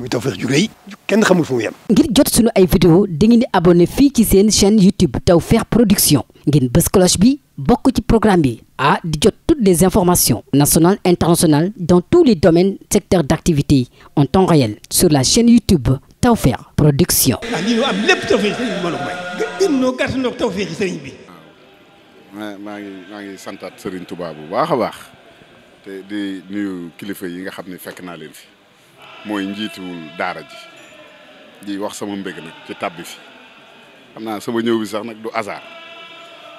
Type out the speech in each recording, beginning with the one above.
muy Tawfekh ju rëy kenn xamul fu mu yem. ngir jot sunu ay vidéo dangeen di abonné fii ci seen chaîne YouTube Tawfekh Production ngeen bës bi bokk ci programme bi a di jot toutes des informations national internationales dans tous les domaines secteurs d'activité en temps réel sur la chaîne YouTube Tawfekh Production. ah lii ñu am lépp Tawfekh sëriñ bi ma la may. gën noo gàtt noo Tawfekh sëriñ bi. waaw maa ngi maa ngi santaat Serigne Touba bu baax a baax te di nuyu kilifa mooy njiitu daara ji di wax sama mbég nag ci tàbbi fi xam naa sama ñëw bi sax nag du hasard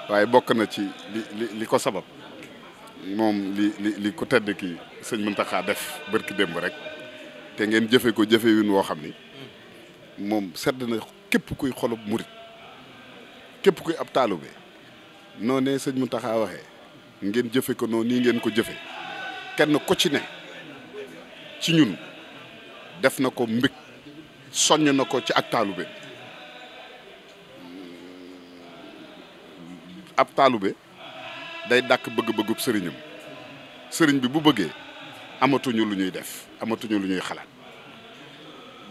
waaye bokk na ci li li ko sabab moom li li li ko tedd ki sëñ Muntaxa def bërki démb rek te ngeen jëfe ko jëfe win woo xam ni moom sedd na képp kuy xolub murit képp kuy ab taalube noo ne mu Muntaxa waxee ngeen jëfe ko noonu nii ngeen ko jëfe kenn ko ci ne ci ñun def na ko mbig soññ na ko ci ak taalube ab taalube day dàkk bëgg-bëggub sëriñam sëriñ bi bu bëggee amatuñu lu ñuy def amatuñu lu ñuy xalaat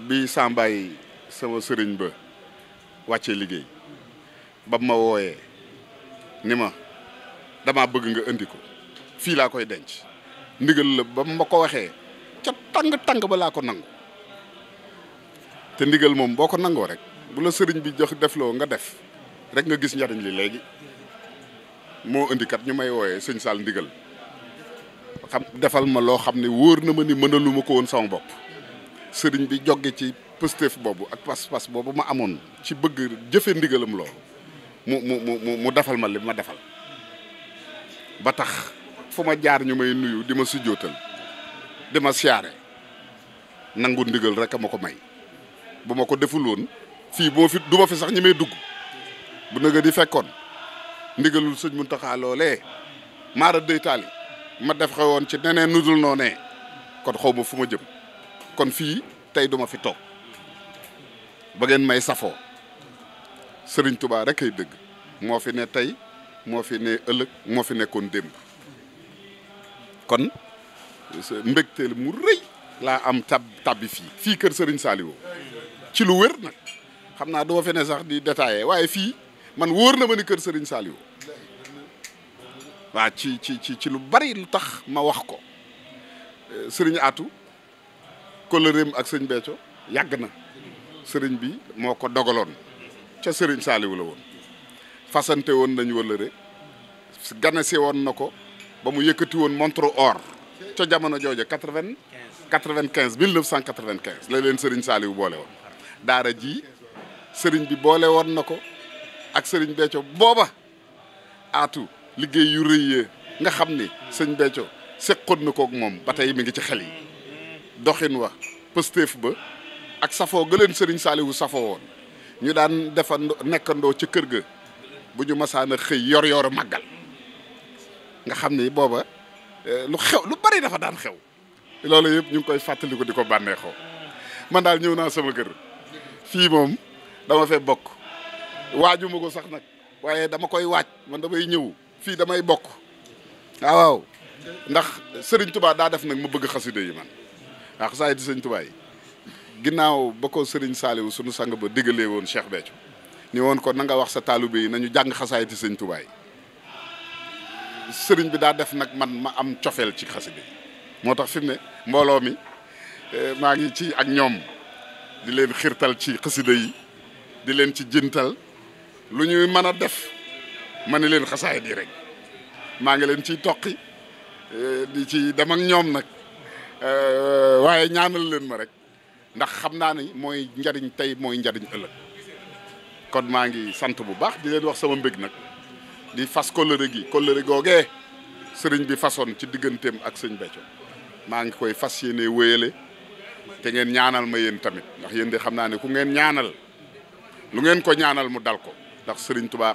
bi sàmbaay sama sëriñ ba wàccee liggéey ba ma wooyee ni ma dama bëgg nga indi ko fii laa koy denc ndigal la ba ma ko waxee ca tàng tàng ba laa ko nangu te ndigal moom boo ko nangoo rek bu la sëriñ bi jox defloo nga def rek nga gis njariñ li léegi moo indi kat ñu may wooyee sëñ Sall ndigal xam defal ma loo xam ne wóor na ma ni mënaluma ko woon sama bopp sëriñ bi jogge ci pëstéef boobu ak pas-pas boobu ma amoon ci bëgg jëfe ndigalam loolu mu mu mu mu defal ma li ma defal ba tax fu ma jaar ñu may nuyu di ma sujjootal di ma siyaare nangu ndigal rek a ma ko may bu ma ko deful woon fii boo fi du ma fi sax ñi may dugg bu nëgë fekkoon ndigalul sëñ Muntaxa loolee maara day ma def xewoon ci neneen nudul noonee kon xaw ma fu ma jëm kon fii tey duma fi toog ba ngeen may safoo sëriñ tubaa rek ay dëgg moo fi ne tey moo fi ne ëllëg moo fi nekkoon démb kon mbégteel mu rëy laa am tab tabbi fii fii kër sëriñ Saliou ci lu wér nag xam naa duma fene sax di détaillé waaye fii man wóor na ma ni kër sëriñ Saliou waa ci ci ci lu bari lu tax ma wax ko euh, Serigne Atou kóllëreem ak sëñ Béthio yàgg na sëriñ bi moo ko dogaloon ca Serigne Saliou la woon fasante woon nañ wëllëre ganase woon na ko ba mu yëkkati woon montre or ca jamono jooja quatre-vingt quatre-vingt-quinze mille neuf cent quatre-vingt-quinze la leen Serigne Saliou boole woon daara ji sëriñ bi boole woon na ko ak sëriñ Béthio booba aatu liggéey yu rëy nga xam ni sëñ Béthio seqoon na kook moom ba tey mi ngi ci xel yi doxin wa pësteef ba ak safoo ga leen sëriñ Saaliwu safoo woon ñu daan defa nekkandoo ci kër ga bu ñu masaan a xëy yor yoru màggal nga xam ni booba eh, lu xew lu bari dafa daan xew loolu yëpp ñu ngi koy fàttaliku di ko bànneexoo man daal ñëw naa sama kër fii moom dama fee bokk waajuma ko sax nag waaye dama koy waaj man damay ñëw fii damay bokk ah, waaw ndax sëriñ Touba daa def nag ma bëgg xasida yi man waaw xasaay di Serigne Touba ginnaaw ba ko sëriñ Saliou sunu sang ba diggalee woon Cheikh Béthio ni woon ko nanga wax sa taalibe yi nañu jàng xasaay di Serigne Touba sëriñ bi daa def nag man ma am cofeel ci xasida yi moo tax fi ne mbooloo mi eh, maa ngi ci ak ñoom di leen xirtal ci xasida yi di leen ci jëntal lu ñuy mën a def ma ne leen xasaay di rek maa ngi leen ciy toqi eh, di ci dem ñoom nag eh, waaye ñaanal leen ma rek ndax xam naa ni mooy njariñ tey mooy njariñ ëllëg kon maa ngi sant bu baax di leen wax sama mbég nag di fas kóllëre gi kóllëre googee sëriñ bi façon ci digganteem ak sëñ Béthio maa ngi koy fas yéene wéyale te ngeen ñaanal ma yéen tamit ndax yéen de xam naa ne ku ngeen ñaanal lu ngeen ko ñaanal mu dal ko ndax sëriñ tubaa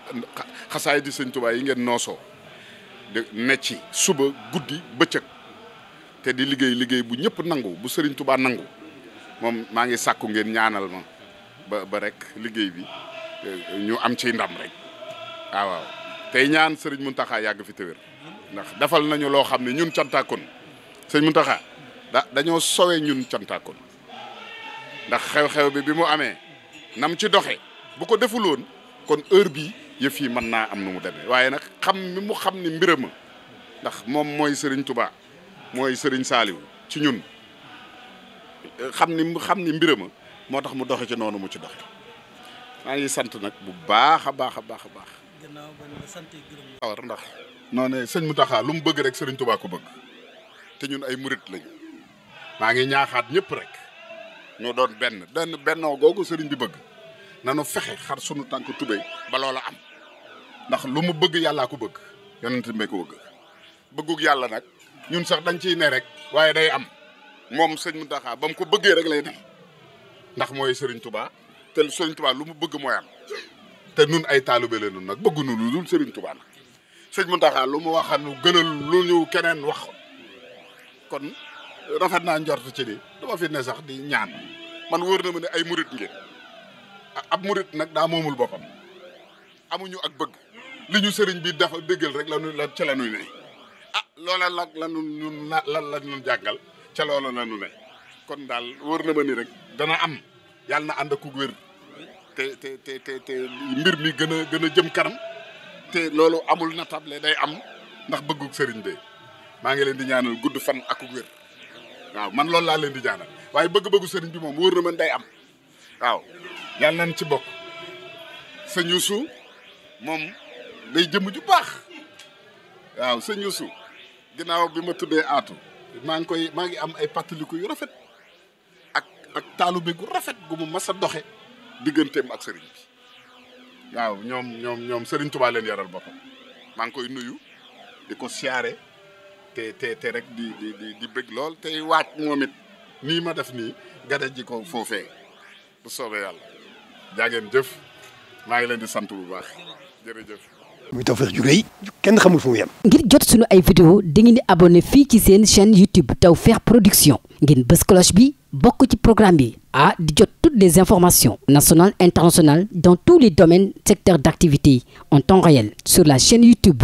xasaay di sëriñ tubaa yi ngeen nooso de ci suba guddi bëcëg te di liggéey liggéey bu ñëpp nangu bu sëriñ tubaa nangu moom maa ngi sàkku ngeen ñaanal ma ba ba rek liggéey bi euh, ñu am ci ndam rek waaw waaw tey ñaan sëriñ Muntaxa yàgg fi téwér ndax defal nañu loo xam ne ñun cantaakon sëriñ Muntaxa da dañoo sowe ñun cantaakon ndax xew-xew bi bi mu amee nam ci doxe bu ko defuloon kon heure bii yëf yi mën naa am nu mu demee waaye nag xam mi mu xam ni mbirama ndax moom mooy sëriñ tubaa mooy sëriñ saaliw ci ñun xam ni mu xam ni mbirama moo tax mu doxe ci noonu mu ci doxe maa ngi sant nag bu baax a baax a baax a baax. gannaaw ndax. noo ne sëñ Mountakha lu mu bëgg rek Serigne Touba ko bëgg te ñun ay murit lañu. maa ngi ñaaxaat ñëpp rek ñu doon benn benn bennoo googu sëriñ bi bëgg nanu fexe xar sunu tànk tubéy ba loola am ndax lu mu bëgg yàllaa ko bëgg yonent mbee ko bëgg bëggug yàlla nag ñun sax dañ ciy ne rek waaye day am moom sëñ Mountakha ba mu ko bëggee rek lay ne ndax mooy sëriñ tubaa te sëriñ Touba lu mu bëgg mooy am te nun ay taalibe la nun nag bëgguñu lu dul sëriñ Touba nag sëñ Mountakha lu mu waxanu gënal lu ñu keneen wax kon rafet naa njort ci ni dama fi ne sax di ñaan man wóor na ma ne ay murit ngeen ab murit nag daa moomul boppam amuñu ak bëgg liñu sëriñ bi dafa dëggal rek la la ca la ñu ne ah loola nag la ñu ñun lan la ñu jàngal ca loola la ñu ne kon daal wër na ma ni rek dana am yàlla na ànd ak ku wér te te te te mbir mi gën a gën jëm kanam te loolu amul na table day am ndax bëggug sëriñ bi maa ngi leen di ñaanal gudd fan ak ku wér. waaw man loolu laa leen di jaanal waaye bëgg-bëggu sëriñ bi moom wóor na man day am waaw yal nañ ci bokk sëñ Youssou moom lay jëmm ju baax waaw sëñ Youssou ginnaaw gi ma tuddee aatu maa ngi koy maa ngi am ay pàttaliku yu rafet ak ak taalube gu rafet gu mu mas a doxe digganteem ak sëriñ bi waaw ñoom ñoom ñoom sëriñ Tuubaa leen yaral boppam maa ngi koy nuyu di ko siyaare te te rek di di di di bëgg lool tey waaj moom it nii ma def nii gada ji ko foofee bu soobee yàlla jaageen jëf maa ngi leen di sant bu baax jërëjëf. muy Tawfekh ju rëy kenn xamul fu mu ngir jot sunu ay vidéo dangeen di abonné fii ci seen chaîne YouTube Tawfekh Production ngeen bës cloche bi bokk ci programme bi ah di jot toutes des informations national internationales dans tous les domaines secteurs d'activité en temps réel sur la chaîne YouTube.